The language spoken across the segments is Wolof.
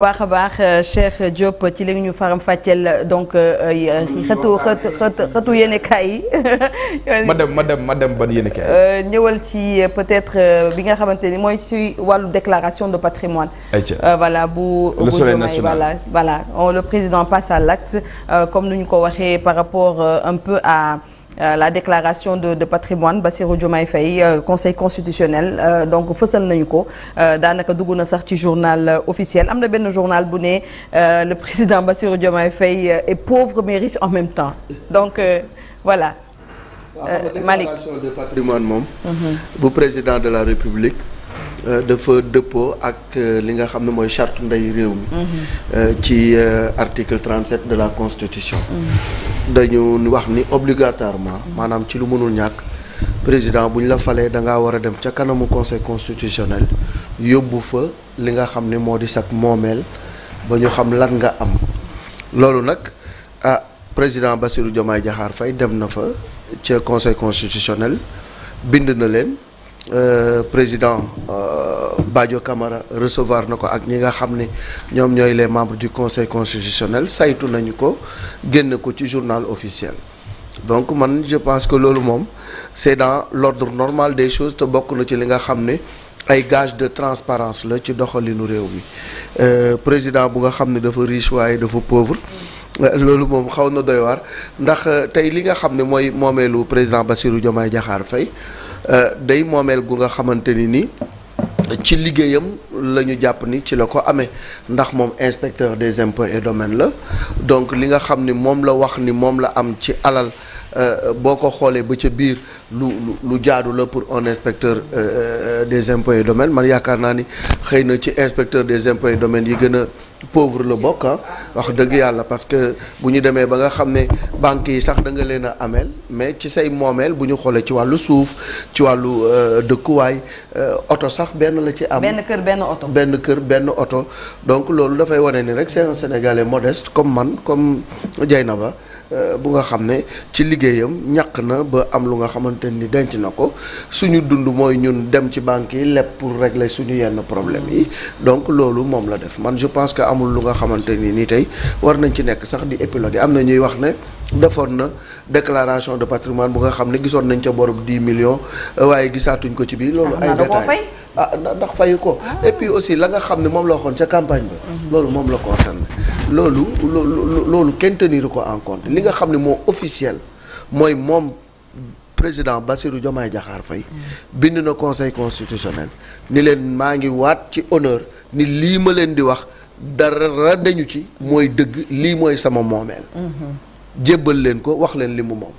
baax a baax euh, Cheikh Diop ci li ñu faram fàcceel donc euh, euh, xëtu xëtu xëtu xëtu yi. ma dem ma dem ma dem ban ñëwal ci peut-être bi nga xamante ni mooy ci wàllu déclaration de patrimoine voilà bu bu Diomaye voilà voilà oh, le président passe à l'acte comme nu ñu ko waxee par rapport un peu à. Euh, la déclaration de de patrimoine Bassirou Diomaye Faye euh, conseil constitutionnel euh, donc fësal nañu ko daanaka dugg na sax ci journal officiel am na benn journal bu ne le président Bassirou Diomaye Faye est pauvre mais riche en même temps donc voilà. Malick déclaration de mhm. bu président de la république. Euh, dafa dëppoo ak euh, li nga xam ne mooy charte ndey réew mi mhm. euh, ci article 37 de la constitution mhm. dañu wax ni obligatoirement maanaam ci lu mënul ñàkk président bu ñu la falee da ngaa war a dem ca kanamu conseil constitutionnel yóbbu fa li nga xam ne moo di sag moomeel ba ñu xam lan nga am loolu nag ah président Bassirou Diomaye Diakhar fay dem na fa ca conseil constitutionnel bind na leen Euh, président euh, Badio Camara recevoir na ko ak ñi nga xam ne ñoom ñooy les membres du conseil constitutionnel saytu nañu ko génn ko ci journal officiel donc man je pense que loolu moom c'est dans l'ordre normal des choses te bokk na ci li nga xam ni ay gage de transparence la ci doxalinu réew mi euh, président bu nga xam ne dafa riche waaye dafa pauvre loolu moom xaw na doy waar ndax tey li nga xam ne mooy moomeelu président Bassirou Diomaye Diakhar Faye Euh, day moomeel gu nga xamante ni ni ci liggéeyam la ñu jàpp ni ci la ko amee ndax moom inspecteur des impôts et domaines la donc li nga xam ni moom la wax ni moom la am ci alal euh, boo ko xoolee ba ca biir lu lu jaadu la pour un inspecteur euh, des impôts et domaines man yaakaar naa ni xëy na ci inspecteur des impôts et domaines yi gën a pauvre la bokk ah. wax dëgg yàlla parce que bu ñu demee ba nga xam ne banques yi sax da nga leen a ameel mais ci say moomeel bu ñu xoolee ci wàllu suuf ci wàllu euh, dëkkuwaay euh, oto sax benn la ci am. benn kër benn oto. benn kër benn oto donc loolu dafay wane ni rek c'est un sénégalais comme man comme na ba bu nga xam ne ci liggéeyam ñàkk na ba am lu nga xamante ni denc na ko suñu dund mooy ñun dem ci banque yi lépp pour su suñu yenn problème yi donc loolu moom la def man je pense que amul lu nga xamante ni ni tey war nañ ci nekk sax di épiloguer am na ñuy wax ne defoon na déclaration de patrimoine bu nga xam ne gisoon nañ ca borob 10 millions waaye gisaatuñ ko ci biir loolu ah, ay détails ah ndax fayu ko ah. et puis aussi la nga xam ne moom la waxoon ca campagne ba mm-hmm. loolu moom la ko concerné loolu loolu kenn tenir ko en li nga xam ne moo officiel mooy moom président Bassirou Diomaye Diakhar Faye mm-hmm. bind na conseil constitutionnel ni leen maa ngi waat ci honneur ni lii ma leen di wax dara dañu ci mooy dëgg lii mooy sama moomeel mm-hmm. jébbal leen ko wax leen li mu moom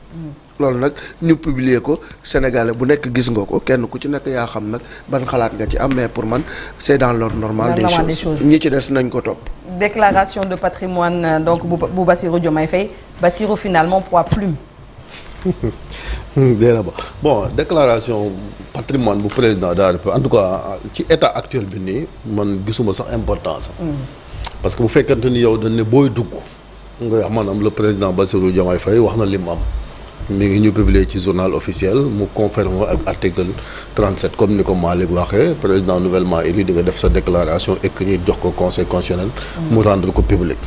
loolu nag ñu publier ko sénégalais bu nekk gis nga ko kenn ku ci nekk yaa xam nag ban xalaat nga ci am mais pour man c'est dans l'ordre normal des choses ñi ci des nañ ko topp déclaration de patrimoine euh, donc bu Bassirou Diomaye Faye Bassirou finalement poids plume déedéet ba bon déclaration patrimoine bu président de en tout cas ci état actuel bi nii man gisuma sax important am. Hmm. parce que bu fekkente ni yow dañ ne booy dugg. nga wax maanaam le président Bassirou Diomaye Faye wax na lim am. mi ngi ñu publier ci journal officiel mu confirme ak article 37 comme ni ko Malick waxee président nouvellement élu di nga def sa déclaration écrite jox ko conseil constitutionnel. mu rendre ko public.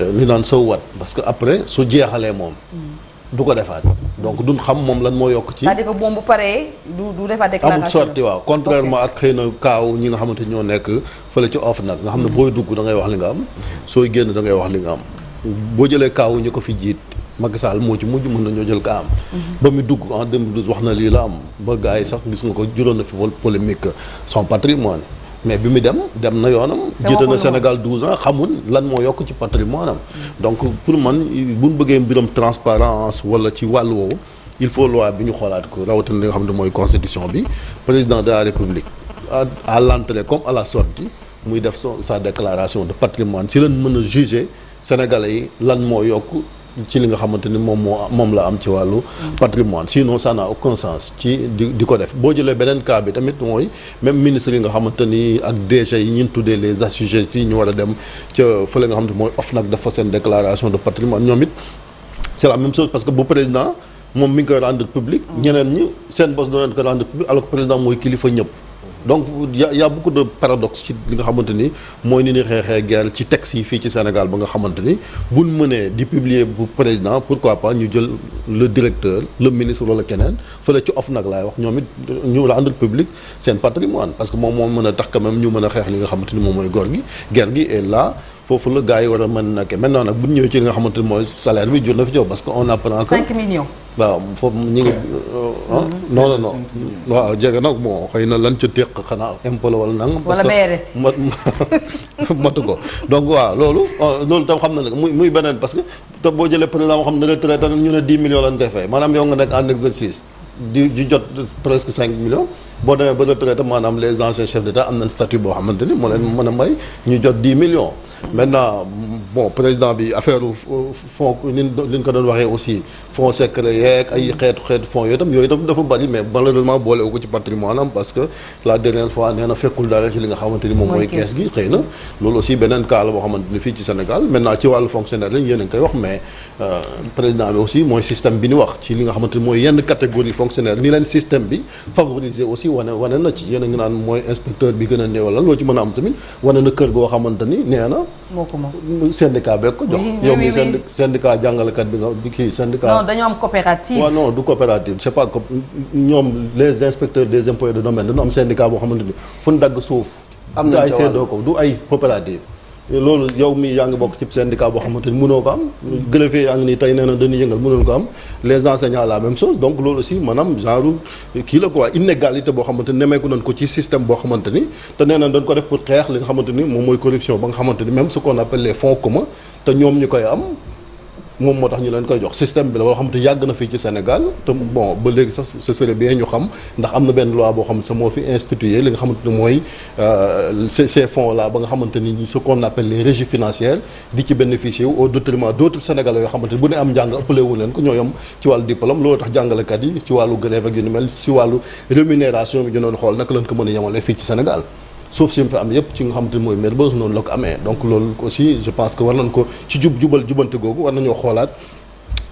ni euh, naan sow wat parce que après su jeexalee moom. du ko defaat donc duñ xam moom lan moo yokk ci. c'est-à-dire que moom bu paree du du defaat sorti waaw contrairement ak xëy na kaaw ñi nga xamante ñoo nekk fële ci off nag nga xam ne booy dugg da ngay wax li nga am. sooy génn da ngay wax li nga am. boo jëlee kaaw ñi ko fi jiit Macky Sall moo ci mujj mën nañoo jël ka am. ba mu dugg wax na lii la am ba gars yi sax gis nga ko juróon na fi vol polémique son patrimoine mais bi mu dem dem na yoonam. jiite na Sénégal 12 ans xamul lan moo yokk ci patrimoine am. donc pour man bu ñu bëggee mbiram transparence wala ci wàll woowu il faut loi bi ñu xoolaat ko rawatina li nga xam ne mooy constitution bi président de la république à à l'entrée comme à la sortie muy def sa déclaration de patrimoine si lañ mën a juger sénégalais yi lan moo yokk. ci li nga xamante ni moom moo moom la am ci wàllu patrimoine sinon ça n'a aucun sens ci di di ko def boo jëlee beneen cas bi tamit mooy même ministre yi nga xamante ni ak DG yi ñun tuddee les assujettis yi ñu war a dem ca fële nga xamante mooy OFNAC dafa seen déclaration de patrimoine ñoom it c'est la même chose parce que bu président moom mi ngi koy rendre public mm. ñeneen ñi seen bos doo leen ko rendre public alors président mooy kilifa ñëpp donc y' a y' a beaucoup de paradoxe ci li nga xamante ni mooy ni ni xeexee guerre ci texte yi fii ci Sénégal ba nga xamante ni buñ mënee di publier bu président pourquoi pas ñu jël le directeur le ministre wala keneen fële ci of nag laay wax ñoom it ñu rendre public seen patrimoine parce que moom moo mën a tax quand même mën a xeex li nga xamante ni moom mooy góor gi guerre gi et là foofu la gars yi war a mën a nekkee maintenant nag bu ñëwee ci nga xamante mooy salaire que waaw foofu ñu ngi. Ah, mm-hmm. non non non waaw jege nag moo xëy na lan ca téq xanaa impôt la wala nangam. parce que mat matu ko donc waaw loolu. Oh, tam xam na ne muy muy beneen parce que boo jëlee programme xam ne retraité ñu jot presque 5 millions. boo demee ba retraité maanaam les anciens chefs d'État am na statut boo xamante ni moo leen mën a may ñu jot 10 millions. maintenant bon président bi affaire fonds ko doon waxee aussi fonds secret yeeg ay xeetu xeetu fonds yooyu tam dafa bari mais malheureusement boolewu ko ci patrimoine am parce que la dernière fois nee na fekkul dara ci li nga xamante ni moom mooy kees gi xëy na loolu aussi beneen cas la boo xamante ni fii ci Sénégal maintenant ci wàllu fonctionnaire lañ yéen a ngi koy wax mais euh, président bi aussi mooy système bi ni wax ci li nga xamante ni mooy yenn catégorie fonctionnaire ni leen système bi favoriser aussi wane wane na ci yéen a ngi naan mooy bi gën a néewal loo ci mën am tamit wane na kër goo xamante ni nee na moo ko moom syndicat beeg ko jox. yow mi syndicat jàngalekat bi nga kii syndicat. non dañoo am coopérative. waaw non du coopérative c'est pas ñoom les inspecteurs des impôts et des domaines dañu am syndicat boo xamante ni fu ñu dagg suuf. am na ay seddoo ko du ay coopérative. loolu yow mi yaa ngi bokk ci syndicat boo xamante ni mënoo ko am greffier yaa ngi nii tey nee na dañuy yëngal mënoon ko am les enseignants la même chose donc loolu aussi maanaam genre kii la quoi inégalité boo xamante ni nemeeku nañ ko ci système boo xamante ni te nee na dañ ko def pour xeex li nga xamante ni moom mooy corruption ba nga xamante ni même ce qu'on appelle les fonds communs te ñoom ñu koy am moom moo tax ñu leen koy jox système bi la loo xam te yàgg na fii ci Sénégal te bon ba léegi sax ce serait bien ñu xam ndax am na benn loi boo xam sa moo fi institué li nga xamante ne mooy euh, ces ces fonds là ba nga xamante ni ce qu'on appelle les régies financières di ci bénéficier wu au détriment d'autres Sénégalais yoo xamante ne bu ne am njàng ëppale leen ko ñoo yam ci wàllu diplôme loolu tax jàngalekat yi ci wàllu grève ak yu ni mel ci wàllu rémunération bi ñu doon xool naka lañ ko mën a yemale fii ci Sénégal suuf si mu fi am yëpp ci nga xamante ni mooy Mermoz noonu la ko amee donc loolu aussi je pense que war nañ ko ci jub jubal jubante googu war nañoo xoolaat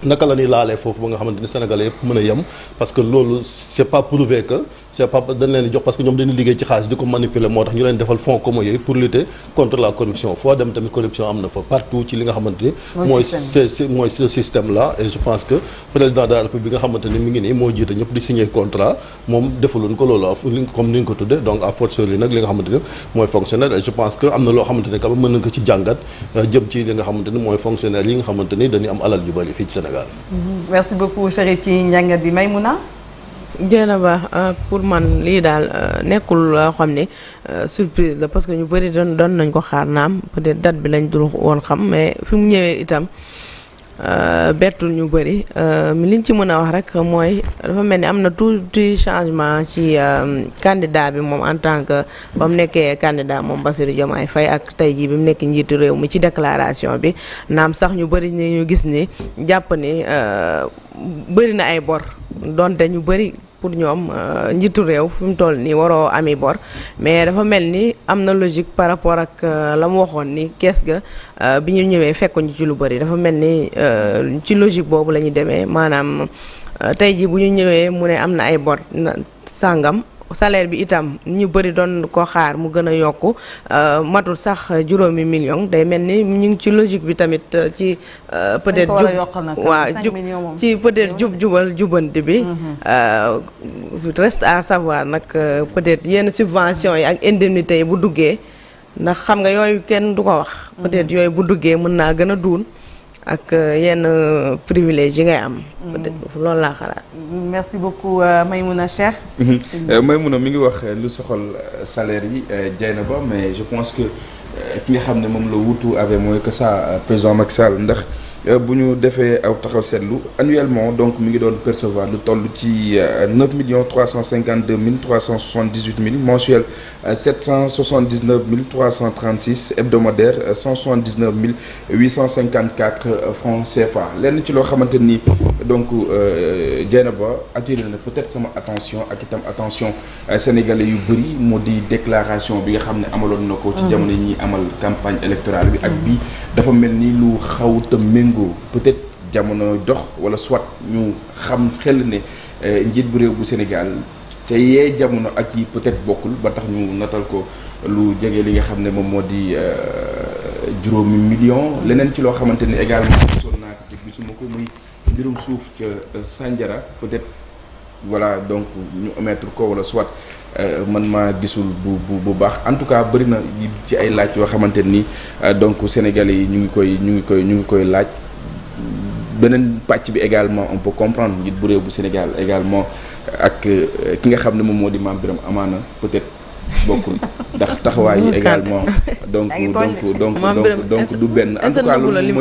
naka la ñuy laalee foofu ba nga xamante ni Sénégalais yëpp mën a yem parce que loolu c'est pas prouvé que c'est pas dañ leen jox parce que ñoom dañuy liggéey ci xaalis di ko manipuler moo tax ñu leen defal fonds commun yooyu pour lutter contre la corruption foo dem tamit corruption am na fa partout ci li nga xamante mooy ce système là et je pense que président de la République nga xamante ni ngi nii moo jiite ñëpp di signer contrat moom defaluñ ko loolu li force li nag li nga xamante mooy fonctionnaire et je pense que am na loo xamante ni jën a Dieynaba euh, pour man lii daal euh, nekkul loo xam ne euh, surprise la parce que ñu bëri doon doon nañ ko xaar naam peut-être date bi lañ dul woon xam mais fi mu ñëwee itam Euh, bettul ñu bëri euh, liñ ci mën a wax rek mooy dafa mel ni am na tuuti changement ci euh, candidat bi moom en tant que ba mu nekkee candidat moom Bassirou ay fay ak tey jii bi mu nekk njiitu réew mi ci déclaration bi naam sax ñu bëri ni ñu gis ni jàpp ni bëri na ay bor donte ñu bëri. pour ñoom euh, njiitu réew fi mu toll nii waroo ami bor mais dafa mel ni am na logique par rapport ak euh, la mu waxoon ni kees ga euh, bi ñu ñëwee fekkuñu ci lu bëri dafa mel ni ci logique boobu la ñu demee maanaam tey jii bu ñu ñëwee mu ne am na ay bor sàngam salaire bi itam ñu bëri doon ko xaar mu gën a yokku euh, matul sax juróomi million day mel ni ñu ngi ci logique bi tamit euh, euh, ci peut-être jub waa jub ci peut-être jubal jubanti bi mm-hmm. rest à savoir nag peut-être yenn subvention yi ak indemnité yi bu duggee ndax xam nga yooyu kenn du ko wax mm-hmm. peut-être yooyu bu duggee mën naa gën a duun ak euh, yenn euh, privilège yi ngay am. Mm. peut-être loolu laa xalaat. merci beaucoup euh, Maymouna Cheikh. Mm-hmm. Maymouna mi ngi wax lu soxal salaire yi Dieynaba mais je pense que ki nga xam ne moom la wutu avec mooy que ça président Macky Sall ndax. Euh, bu ñu defee aw taxaw seetlu annuellement donc mu ngi doon percevoir lu toll ci 9 euh, millions 352 mille 378 mille mensuel 779 euh, mille 336 hebdomadaire 179 mille 854 francs CFA lenn ci loo xamante nii donc euh, Dieynaba attiré na peut-être sama attention ak itam attention euh, sénégalais yu bëri moo di déclaration bi nga xam ne amaloon na ko. ci mm. jamono yi ñuy amal campagne électorale bi. ak bii dafa mel nii lu xaw tam méngoo peut-être jamono dox wala soit ñu xam xel ne euh, njiit bu réew bu Sénégal. te yee jamono ak yi peut-être bokkul ba tax ñu natal ko lu jege li nga xam ne moom moo di juróomi million leneen ci loo xamante ne également gisoon naa ko ci gisuma ko muy mbirum suuf ca euh, Sandiara peut-être voilà donc ñu omettre ko wala soit euh, man maa gisul bu bu bu baax en tout cas bëri na ci ay laaj yoo xamante nii euh, donc sénégalais yi ñu ngi koy ñu ngi koy ñu ngi koy laaj beneen pàcc bi également on peut comprendre njiit bu réew bu Sénégal également ak ki nga xam ne moom moo di Mame Birame amaana peut-être. bokkul ndax taxawaay yi également donc donc donc donc du benn en tout cas loolu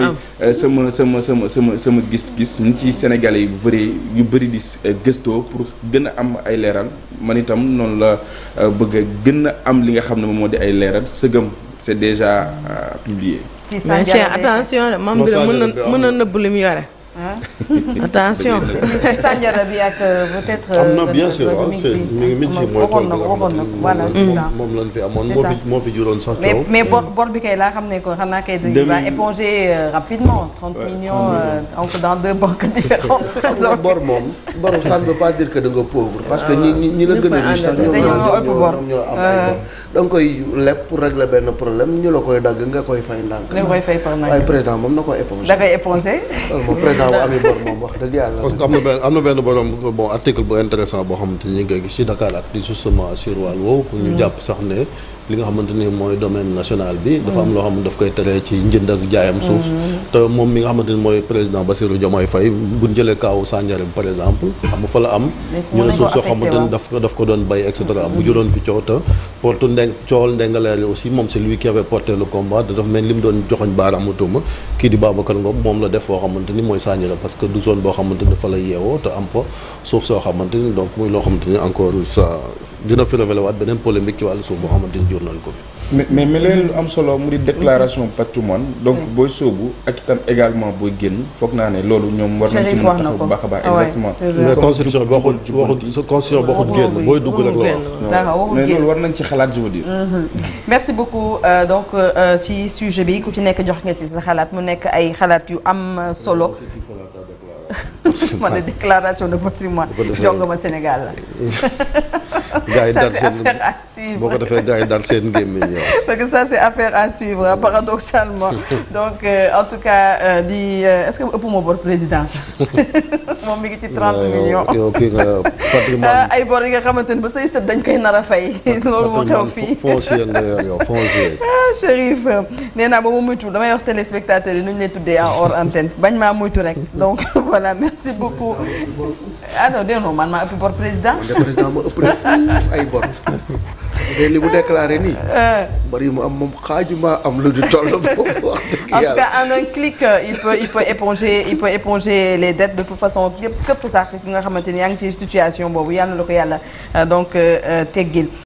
sama sama sama sama sama gis-gis ni ci sénégalais yu bëri yu bëri di eh, gëstoo pour gën a am ay leeral man itam noonu la eh, bëgg gën a am li nga xam ne moom moo di ay leeral sëgëm c'est déjà euh, publié. ci attention de moom bi mën na mën na nëbb li mu yore. Ah. attention. sànjara bi ak peut-être. am na euh, bien sûr waaw c' mi ngi mi ngi ci mooy tool bi voilà c'est ça moom lañ fi amoon moo fi moo fi juróon sax coow. mais bor mm. bor bi kay laa xam ne ko xanaa kay dañu va éponger euh, rapidement. 30 millions entre euh, dans deux banques différentes. bor moom bor ça ne veut pas dire que da nga pauvre. parce que ñi ñi la gën a riche sax ñoom ñoo am ay da nga koy leb pour régler benn problème ñu la koy dagg nga koy fay ndànk. nga koy fay par ndànk waaye président moom na ko éponger. da koy éponger. président parce que am na benn am na benn borom bon article bu intéressant boo xamante ni ñu ngi gis ci Dakar ak di justement sur wàll ñu mm. jàpp sax ne. li nga xamante ni mooy domaine national bi. dafa am loo xam ne daf koy tere ci njënd ak jaayam suuf. te moom mi nga xamante ni mooy président ba Diomaye Faye bu ñu jëlee kaawu Sandiara par exemple. xam fa la am. ñu ne suuf soo xamante moom si lui qui avait porté combat dafa mel li mu doon joxoñ baaraamu tuuma kii di Babacar Ngom moom la def foo xamante ni mooy Sandiara parce que du zone boo xamante ni fa la yeewoo te am fa suuf soo xamante ni donc muy loo xamante ni encore ça. dina fi révélé waat beneen polémique ci wàllu suuf boo xamante ni jur nañu ko mais mais mais lu am solo mu di déclaration patrimoine donc mm. booy sóobu ak itam également booy génn foog naa ne loolu ñoom war nañ ci mën a taxaw bu baax a baax ah exactement. mais constitution bi constitution bi waxut génn booy dugg rek la wax. mais loolu war nañ ci xalaat je veux mm-hmm. merci beaucoup euh, donc euh, euh, ci sujet bi ku ci nekk jox nga ci sa xalaat mu nekk ay xalaat yu am solo. ma ne déclaration de patrimoine jongama Sénégal la. gars yi daal seen affaire à boo ko defee gars yi daal seen gémmiñ yow. parce que ça c' est affaire à suivre paradoxalement donc euh, en tout cas euh, di euh, est ce que ma bor président sax moom mi ngi ci 30 millions. yow kii ah, ay bor yi nga xamante ne ba say sët dañ koy nar a fay. loolu moo xew fii foncier nga yor yow foncier. ah Chérif nee naa ba ma muytu damay wax téléspectateur yi nu ñu lay tuddee en hors antenne bañ maa muytu rek donc voilà. merci beaucoup ah non déedéet man maa ëpp bor président. man de président ma ëpp rek ay bor. te li mu déclaré nii. Euh. bari mu am moom xaajuma am lu du toll boobu wax dëgg yàlla. en tout cas en un clic euh, il peut il peut éponger il peut éponger les dettes de toute façon képp képp sax ki nga xamante ni yaa ngi ci situation boobu yàlla na la ko yàlla euh, donc teggil.